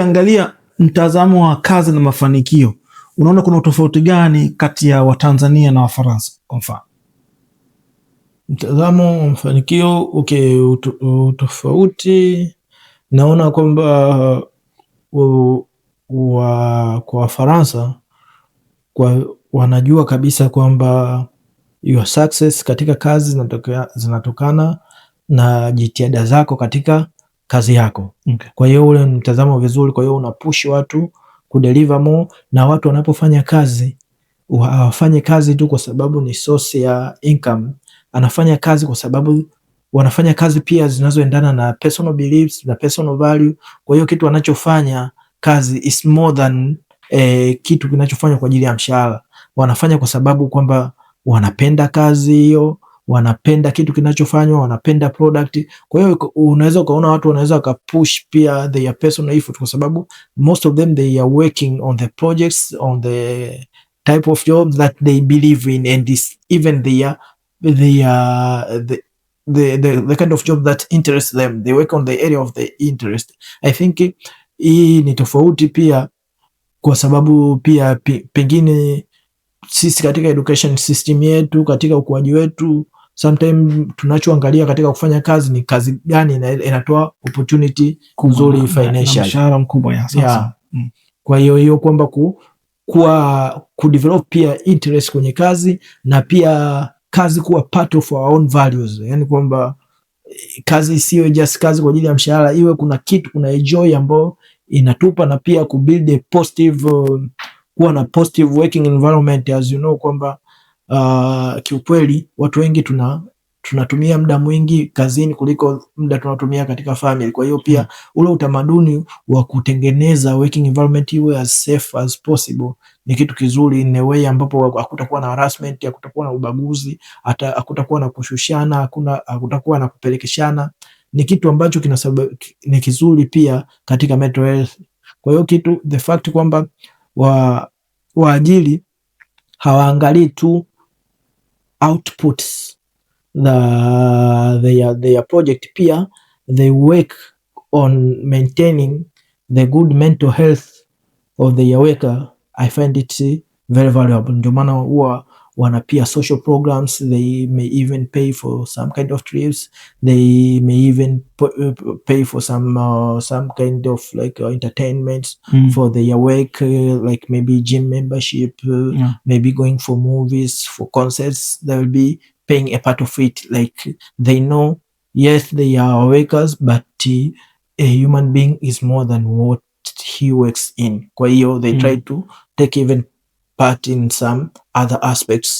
ukiangalia mtazamo wa kazi na mafanikio, unaona kuna utofauti gani kati ya Watanzania na Wafaransa kwa mfano? Mtazamo wa mafanikio okay, utofauti naona kwamba wa, kwa Wafaransa kwa, wanajua kabisa kwamba your success katika kazi zinatokana na jitihada zako katika kazi yako okay. Kwa hiyo ule mtazamo vizuri, kwa hiyo unapush watu deliver more, na watu wanapofanya kazi hawafanye kazi tu kwa sababu ni source ya income, anafanya kazi kwa sababu wanafanya kazi pia zinazoendana na personal beliefs na personal value. Kwa hiyo kitu anachofanya kazi is more than eh, kitu kinachofanywa kwa ajili ya mshahara. Wanafanya kwa sababu kwamba wanapenda kazi hiyo, wanapenda kitu kinachofanywa, wanapenda product. Kwa hiyo unaweza ukaona watu wanaweza wakapush pia their personal effort, kwa sababu most of them they are working on the projects on the type of job that they believe in and this, even their their the The, the, the kind of job that interests them they work on the area of the interest. I think hii ni tofauti pia, kwa sababu pia pengine sisi katika education system yetu, katika ukuaji wetu sometime tunachoangalia katika kufanya kazi ni kazi gani inatoa opportunity nzuri financial, mshahara mkubwa ya sasa. Mm. Kwa hiyo hiyo kwamba ku kuwa ku develop pia interest kwenye kazi na pia kazi kuwa part of our own values, yani kwamba kazi isiyo just kazi kwa ajili ya mshahara, iwe kuna kitu kuna enjoy ambayo inatupa na pia ku build a positive, kuwa na positive working environment as you know kwamba uh, kiukweli watu wengi tuna tunatumia muda mwingi kazini kuliko muda tunatumia katika family. Kwa hiyo pia hmm. ule utamaduni wa kutengeneza working environment iwe as safe as possible ni kitu kizuri in a way ambapo hakutakuwa na harassment, hakutakuwa na ubaguzi, hata hakutakuwa na kushushana, hakuna hakutakuwa na kupelekeshana. Ni kitu ambacho kina ni kizuri pia katika mental health. Kwa hiyo kitu the fact kwamba wa waajiri hawaangalii tu outputs the their, their project. Pia they work on maintaining the good mental health of their worker. I find it very valuable. Ndio maana huwa wana pia social programs, they may even pay for some kind of trips, they may even uh, pay for some uh, some kind of like uh, entertainment mm. for their work, uh, like maybe gym membership, uh, yeah. maybe going for movies, for concerts, they will be paying a part of it. Like they know, yes, they are workers, but uh, a human being is more than what he works in. Kwa hiyo they mm. try to take even but in some other aspects